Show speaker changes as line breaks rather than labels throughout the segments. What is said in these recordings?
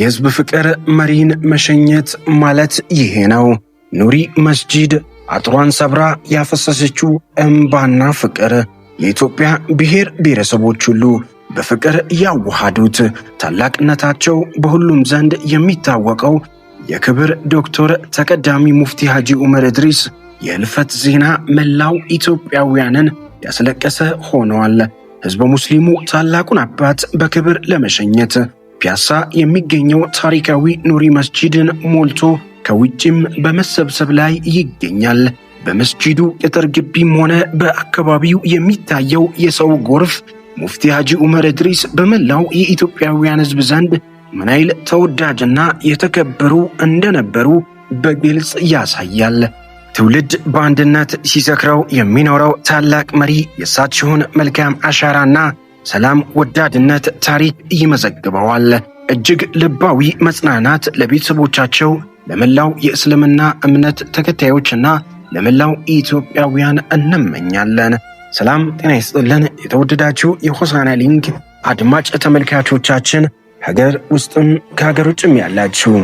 የህዝብ ፍቅር መሪን መሸኘት ማለት ይሄ ነው። ኑሪ መስጂድ አጥሯን ሰብራ ያፈሰሰችው እምባና ፍቅር የኢትዮጵያ ብሔር ብሔረሰቦች ሁሉ በፍቅር ያዋሃዱት ታላቅነታቸው በሁሉም ዘንድ የሚታወቀው የክብር ዶክተር ተቀዳሚ ሙፍቲ ሐጂ ዑመር እድሪስ የህልፈት ዜና መላው ኢትዮጵያውያንን ያስለቀሰ ሆነዋል። ህዝበ ሙስሊሙ ታላቁን አባት በክብር ለመሸኘት ፒያሳ የሚገኘው ታሪካዊ ኑሪ መስጂድን ሞልቶ ከውጭም በመሰብሰብ ላይ ይገኛል። በመስጂዱ ቅጥር ግቢም ሆነ በአካባቢው የሚታየው የሰው ጎርፍ ሙፍቲ ሐጂ ዑመር እድሪስ በመላው የኢትዮጵያውያን ሕዝብ ዘንድ ምን ያህል ተወዳጅና የተከበሩ እንደነበሩ በግልጽ ያሳያል። ትውልድ በአንድነት ሲዘክረው የሚኖረው ታላቅ መሪ የእሳቸውን መልካም አሻራና ሰላም ወዳድነት ታሪክ ይመዘግበዋል። እጅግ ልባዊ መጽናናት ለቤተሰቦቻቸው፣ ለመላው የእስልምና እምነት ተከታዮችና ለመላው ኢትዮጵያውያን እንመኛለን። ሰላም ጤና ይስጥልን። የተወደዳችሁ የሆሳና ሊንክ አድማጭ ተመልካቾቻችን ሀገር ውስጥም ከሀገር ውጭም ያላችሁ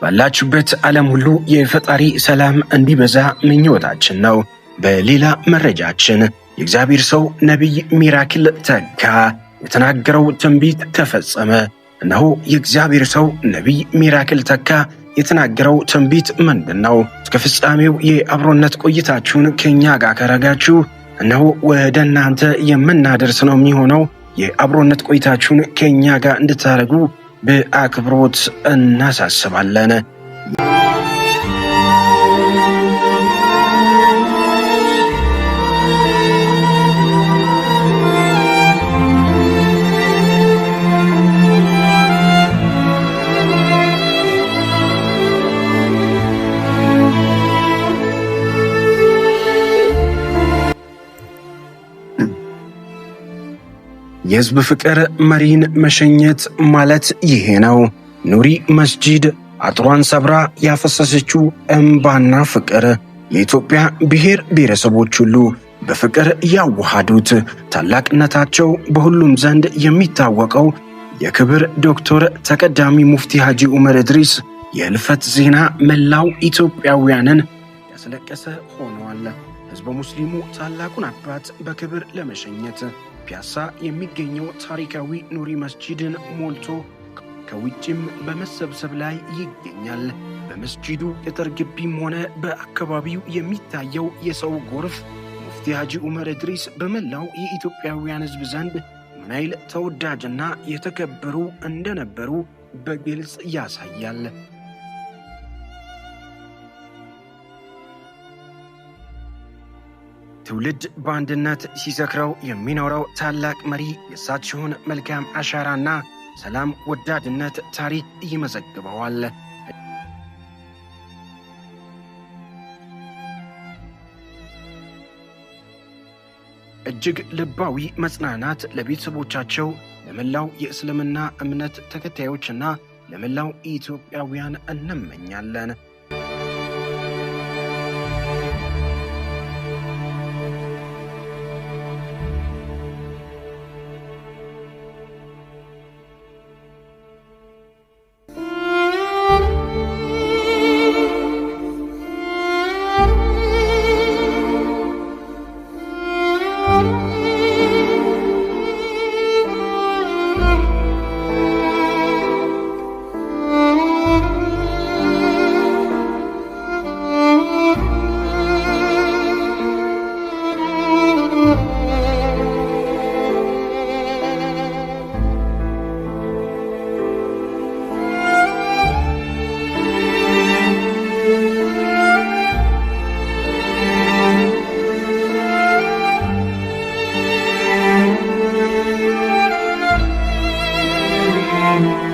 ባላችሁበት ዓለም ሁሉ የፈጣሪ ሰላም እንዲበዛ ምኞታችን ነው። በሌላ መረጃችን የእግዚአብሔር ሰው ነቢይ ሚራክል ተጋ። የተናገረው ትንቢት ተፈጸመ። እነሆ የእግዚአብሔር ሰው ነቢይ ሚራክል ተካ የተናገረው ትንቢት ምንድን ነው? እስከ ፍጻሜው የአብሮነት ቆይታችሁን ከኛ ጋር ከረጋችሁ እነሆ ወደ እናንተ የምናደርስ ነው የሚሆነው። የአብሮነት ቆይታችሁን ከኛ ጋር እንድታደርጉ በአክብሮት እናሳስባለን። የህዝብ ፍቅር መሪን መሸኘት ማለት ይሄ ነው። ኑሪ መስጂድ አጥሯን ሰብራ ያፈሰሰችው እምባና ፍቅር የኢትዮጵያ ብሔር ብሔረሰቦች ሁሉ በፍቅር ያዋሃዱት ታላቅነታቸው በሁሉም ዘንድ የሚታወቀው የክብር ዶክተር ተቀዳሚ ሙፍቲ ሐጂ ዑመር እድሪስ የህልፈት ዜና መላው ኢትዮጵያውያንን ያስለቀሰ ሆኗል። ህዝበ ሙስሊሙ ታላቁን አባት በክብር ለመሸኘት ፒያሳ የሚገኘው ታሪካዊ ኑሪ መስጂድን ሞልቶ ከውጭም በመሰብሰብ ላይ ይገኛል። በመስጂዱ ቅጥር ግቢም ሆነ በአካባቢው የሚታየው የሰው ጎርፍ ሙፍቲ ሐጂ ዑመር እድሪስ በመላው የኢትዮጵያውያን ሕዝብ ዘንድ ምን ያህል ተወዳጅና የተከበሩ እንደነበሩ በግልጽ ያሳያል። ትውልድ በአንድነት ሲዘክረው የሚኖረው ታላቅ መሪ የእሳቸውን መልካም አሻራና ሰላም ወዳድነት ታሪክ ይመዘግበዋል። እጅግ ልባዊ መጽናናት ለቤተሰቦቻቸው፣ ለመላው የእስልምና እምነት ተከታዮችና ለመላው ኢትዮጵያውያን እንመኛለን። Thank you.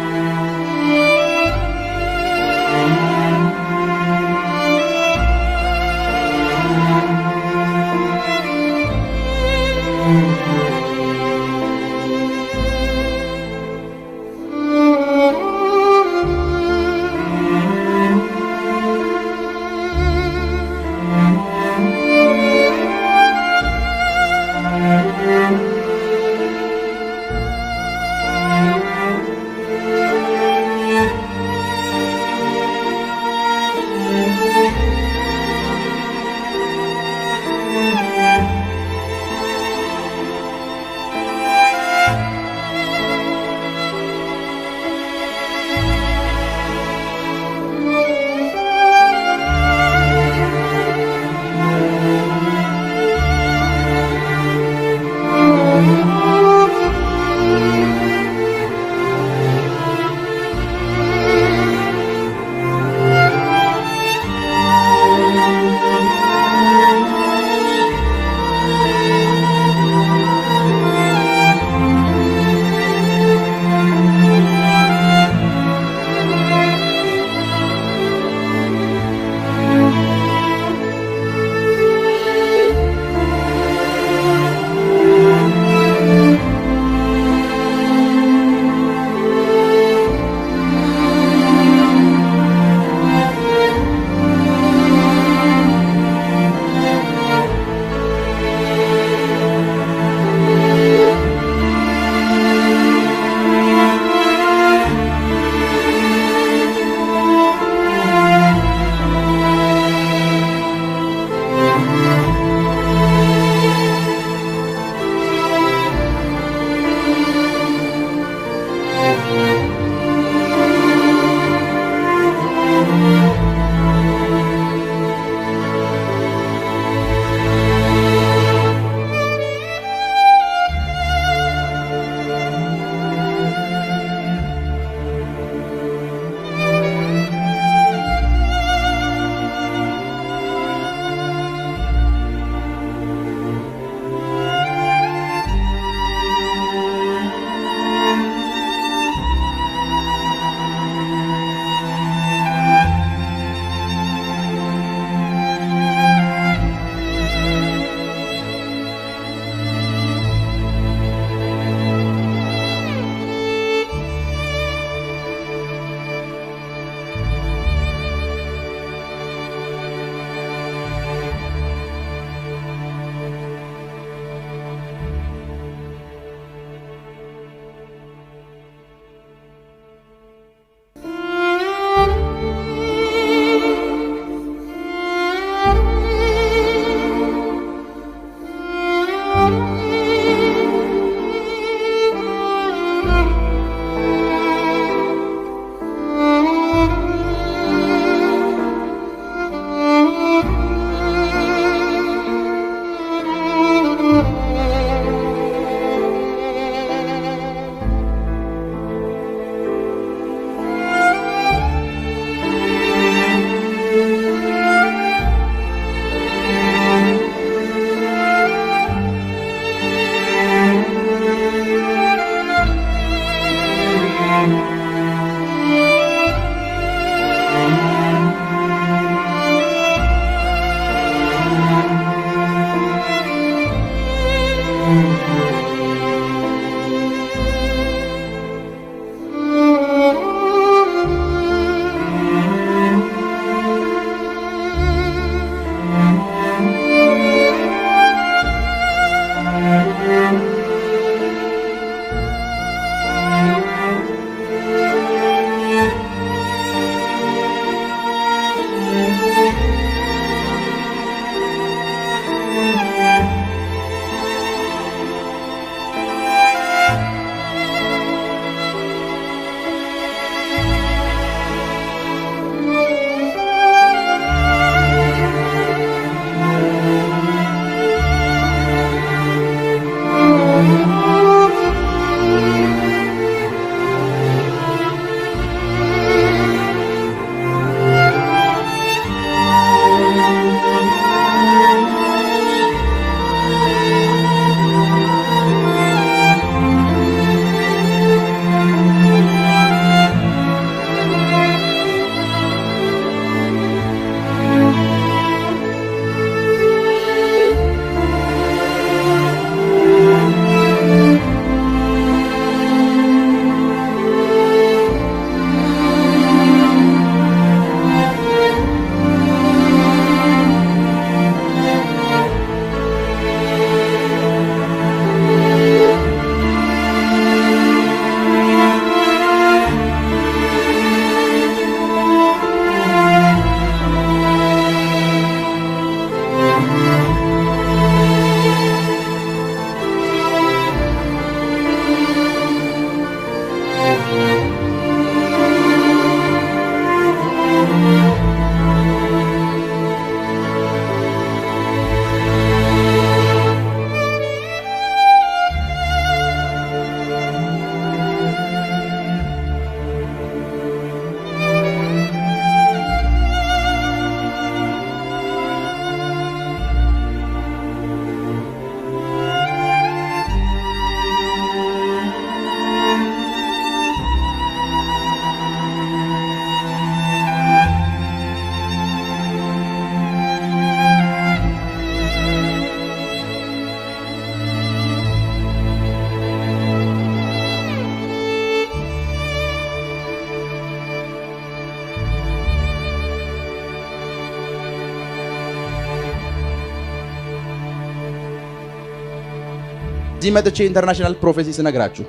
እዚህ መጥቼ ኢንተርናሽናል ፕሮፌሲ ስነግራችሁ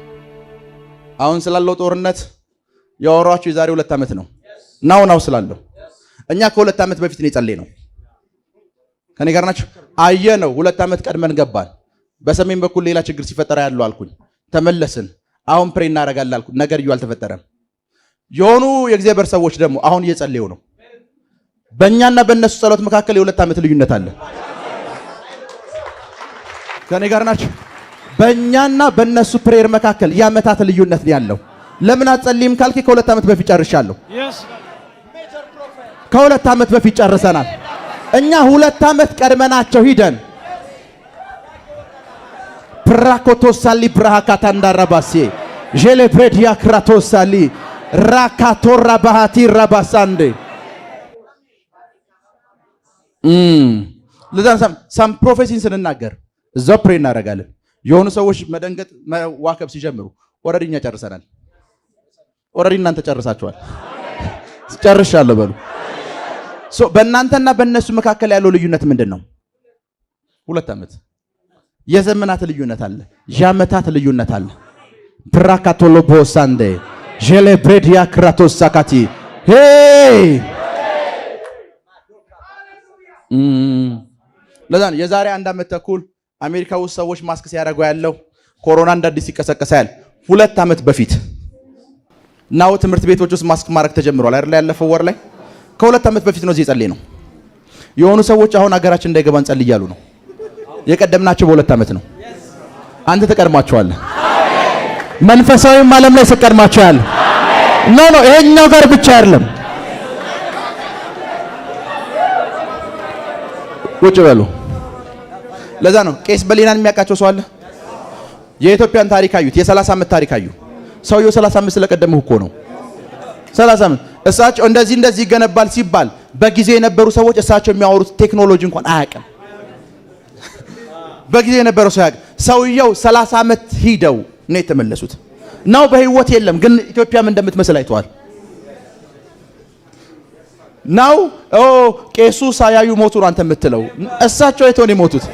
አሁን ስላለው ጦርነት ያወሯችሁ የዛሬ ሁለት ዓመት ነው። ናው ናው ስላለው እኛ ከሁለት ዓመት በፊት ነው የጸለይ ነው። ከኔ ጋር ናችሁ? አየ ነው ሁለት ዓመት ቀድመን ገባን። በሰሜን በኩል ሌላ ችግር ሲፈጠራ ያለው አልኩኝ። ተመለስን። አሁን ፕሬ እናደርጋለን አልኩኝ። ነገር እዩ አልተፈጠረም። የሆኑ የእግዚአብሔር ሰዎች ደግሞ አሁን እየጸለዩ ነው። በእኛና በእነሱ ጸሎት መካከል የሁለት ዓመት ልዩነት አለ። ከኔ ጋር ናችሁ? በእኛና በእነሱ ፕሬየር መካከል የአመታት ልዩነት ነው ያለው። ለምን አጸልይም ካልክ ከሁለት ዓመት በፊት ጨርሻለሁ። ከሁለት ዓመት በፊት ጨርሰናል። እኛ ሁለት ዓመት ቀድመናቸው ሂደን ፕራኮቶሳሊ ብርሃካታ እንዳራባሴ ዤሌፕሬድ ያክራቶሳሊ ራካቶራ ባሃቲ ራባሳንዴ ለዛን ሳም ፕሮፌሲን ስንናገር እዛው ፕሬ እናደርጋለን። የሆኑ ሰዎች መደንገጥ መዋከብ ሲጀምሩ ኦልሬዲ እኛ ጨርሰናል። ኦልሬዲ እናንተ ጨርሳችኋል። ጨርሻለሁ በሉ። በእናንተና በእነሱ መካከል ያለው ልዩነት ምንድን ነው? ሁለት ዓመት የዘመናት ልዩነት አለ። የዓመታት ልዩነት አለ። ፕራካቶሎቦ ሳንዴ ጀሌብሬድያ ክራቶስ ሳካቲ ለዛ የዛሬ አንድ ዓመት ተኩል አሜሪካ ውስጥ ሰዎች ማስክ ሲያደርጉ ያለው ኮሮና እንደ አዲስ ይቀሰቀሰ ሁለት ዓመት በፊት ናው ትምህርት ቤቶች ውስጥ ማስክ ማድረግ ተጀምሯል አይደል? ያለፈው ወር ላይ ከሁለት ዓመት በፊት ነው እዚህ ጸልይ ነው የሆኑ ሰዎች አሁን ሀገራችን እንዳይገባ እንጸልይ እያሉ ነው። የቀደምናቸው በሁለት ዓመት ነው። አንተ ተቀድማቸዋል። መንፈሳዊም ዓለም ላይ ተቀድማቸዋል። ኖ ኖ ይሄኛው ጋር ብቻ አይደለም። ቁጭ በሉ ለዛ ነው ቄስ በሌናን የሚያውቃቸው ሰው አለ። የኢትዮጵያን ታሪክ አዩት። የ30 ዓመት ታሪክ አዩ። ሰውየው 35 ስለቀደመው እኮ ነው። 35 እሳቸው እንደዚህ እንደዚህ ይገነባል ሲባል በጊዜ የነበሩ ሰዎች እሳቸው የሚያወሩት ቴክኖሎጂ እንኳን አያውቅም። በጊዜ የነበረው ሰው አያውቅም። ሰውየው 30 ዓመት ሂደው ነው የተመለሱት። ነው በህይወት የለም፣ ግን ኢትዮጵያም እንደምትመስል አይተዋል። ነው ኦ ቄሱ ሳያዩ ሞቱ ነው አንተ የምትለው። እሳቸው አይተው ነው የሞቱት።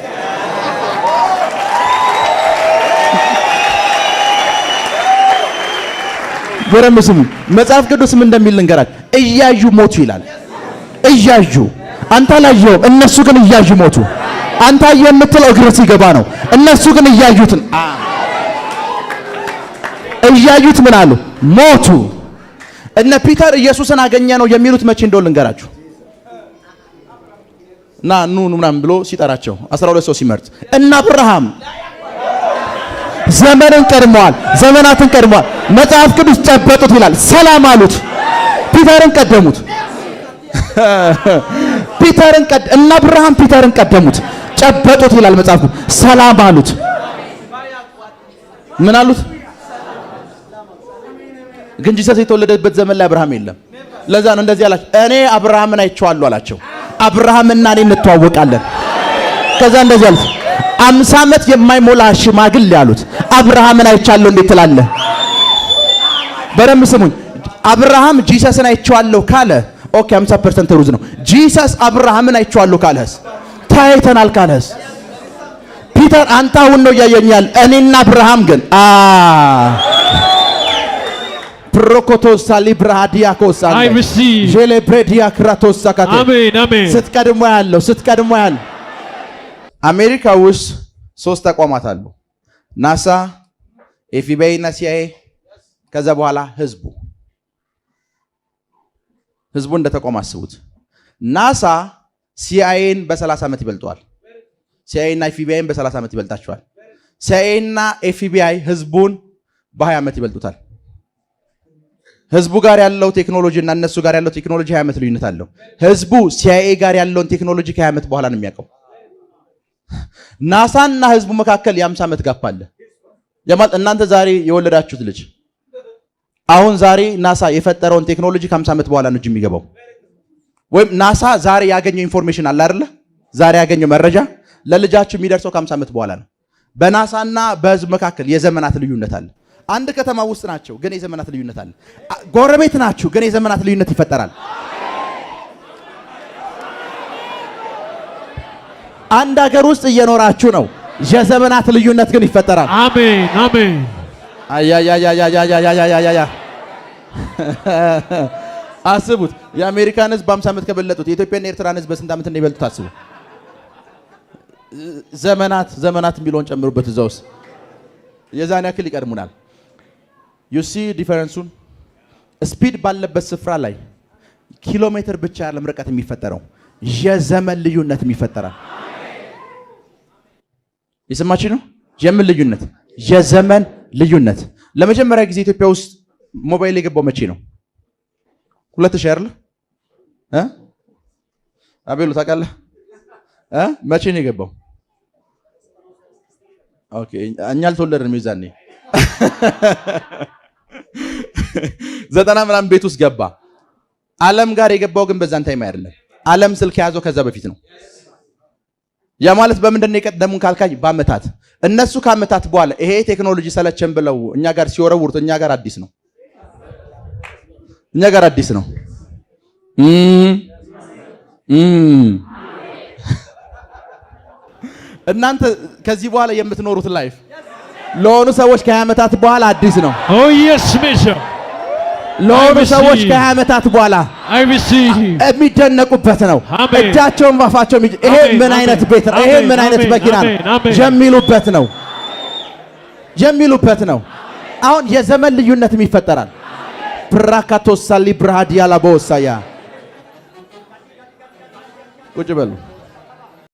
በደንብ ስሙ። መጽሐፍ ቅዱስም እንደሚል ልንገራችሁ፣ እያዩ ሞቱ ይላል። እያዩ አንተ አላየውም፣ እነሱ ግን እያዩ ሞቱ። አንተ የምትለው እግር ሲገባ ነው። እነሱ ግን እያዩትን እያዩት ምን አሉ? ሞቱ። እነ ፒተር ኢየሱስን አገኘ ነው የሚሉት መቼ እንደው ልንገራችሁ እና ኑ ምናምን ብሎ ሲጠራቸው 12 ሰው ሲመርጥ እና አብርሃም ዘመንን ቀድመዋል፣ ዘመናትን ቀድመዋል። መጽሐፍ ቅዱስ ጨበጡት ይላል። ሰላም አሉት። ፒተርን ቀደሙት። ፒተርን ቀደ እና አብርሃም ፒተርን ቀደሙት። ጨበጡት ይላል መጽሐፍ ቅዱስ። ሰላም አሉት። ምን አሉት? ግን ጂሰስ የተወለደበት ዘመን ላይ አብርሃም የለም። ለዛ ነው እንደዚህ አላቸው፣ እኔ አብርሃምን አይቼዋለሁ አላቸው። አብርሃምና እኔ እንተዋወቃለን። ከዛ እንደዚህ አሉት አምሳ ዓመት የማይሞላ ሽማግል ያሉት አብርሃምን አይቻለሁ እንዴት ትላለህ? በደንብ ስሙኝ። አብርሃም ጂሰስን አይቼዋለሁ ካለ ኦኬ 50% ሩዝ ነው። ጂሰስ አብርሃምን አይቼዋለሁ ካለስ ታይተናል ካለስ ፒተር አንተ አሁን ነው እያየኛል። እኔና አብርሃም ግን አ ፕሮኮቶሳ ሊብራዲያ አይ ምስቲ ጄሌ ክራቶሳ ካቴ
አሜን አሜን
ስትቀድሞ ያለው ስትቀድሞ ያለው አሜሪካ ውስጥ ሶስት ተቋማት አሉ። ናሳ፣ ኤፍቢአይ እና ሲአይኤ ከዛ በኋላ ህዝቡ ህዝቡ እንደ ተቋም አስቡት። ናሳ ሲአይኤን በ30 ዓመት ይበልጠዋል። ሲአይኤ እና ኤፍቢአይን በ30 ዓመት ይበልጣቸዋል። ሲአይኤ እና ኤፍቢአይ ህዝቡን በ20 ዓመት ይበልጡታል። ህዝቡ ጋር ያለው ቴክኖሎጂ እና እነሱ ጋር ያለው ቴክኖሎጂ 20 ዓመት ልዩነት አለው። ህዝቡ ሲአይኤ ጋር ያለውን ቴክኖሎጂ ከ20 ዓመት በኋላ ነው የሚያውቀው። ናሳና ህዝቡ መካከል የአምሳ ዓመት ጋፕ አለ። እናንተ ዛሬ የወለዳችሁት ልጅ አሁን ዛሬ ናሳ የፈጠረውን ቴክኖሎጂ ከአምሳ ዓመት በኋላ ነው እጅ የሚገባው። ወይም ናሳ ዛሬ ያገኘው ኢንፎርሜሽን አለ አይደለ? ዛሬ ያገኘው መረጃ ለልጃችሁ የሚደርሰው ከአምሳ ዓመት በኋላ ነው። በናሳና በህዝብ መካከል የዘመናት ልዩነት አለ። አንድ ከተማ ውስጥ ናቸው፣ ግን የዘመናት ልዩነት አለ። ጎረቤት ናችሁ፣ ግን የዘመናት ልዩነት ይፈጠራል። አንድ ሀገር ውስጥ እየኖራችሁ ነው። የዘመናት ልዩነት ግን ይፈጠራል።
አሜን አሜን።
አያያያያያያያያያ አስቡት። የአሜሪካን ህዝብ በአምሳ ዓመት ከበለጡት የኢትዮጵያና ኤርትራን ህዝብ በስንት ዓመት እንደሚበልጡት አስቡ። ዘመናት ዘመናት የሚለውን ጨምሩበት እዛ ውስጥ የዛን ያክል ይቀድሙናል። ዩሲ ዲፈረንሱን ስፒድ ባለበት ስፍራ ላይ ኪሎ ሜትር ብቻ ያለም ርቀት የሚፈጠረው የዘመን ልዩነት የሚፈጠራል። የሰማችሁ ነው። የምን ልዩነት? የዘመን ልዩነት። ለመጀመሪያ ጊዜ ኢትዮጵያ ውስጥ ሞባይል የገባው መቼ ነው? ሁለት ሺህ አይደለ? አቤሎ ታውቃለህ? መቼ ነው የገባው? እኛ አልተወለድንም የዛኔ ዘጠና ምናምን ቤት ውስጥ ገባ። ዓለም ጋር የገባው ግን በዛን ታይም አይደለም። ዓለም ስልክ የያዘው ከዛ በፊት ነው። ያ ማለት በምንድን ነው የቀደሙን ካልካኝ፣ በአመታት እነሱ ከአመታት በኋላ ይሄ ቴክኖሎጂ ሰለቸን ብለው እኛ ጋር ሲወረውሩት እኛ ጋር አዲስ ነው፣ እኛ ጋር አዲስ ነው። እናንተ ከዚህ በኋላ የምትኖሩት ላይፍ ለሆኑ ሰዎች ከሀያ ዓመታት በኋላ አዲስ ነው። ለሆኑ ሰዎች ከሀያ ዓመታት በኋላ የሚደነቁበት ነው። እጃቸውን ባፋቸው ይሄ ምን አይነት ቤት ነው፣ ይሄ ምን አይነት መኪና ነው የሚሉበት ነው የሚሉበት ነው። አሁን የዘመን ልዩነትም ይፈጠራል። ብራካቶሳሊ ብርሃድ ያላበወሳያ ቁጭ በሉ።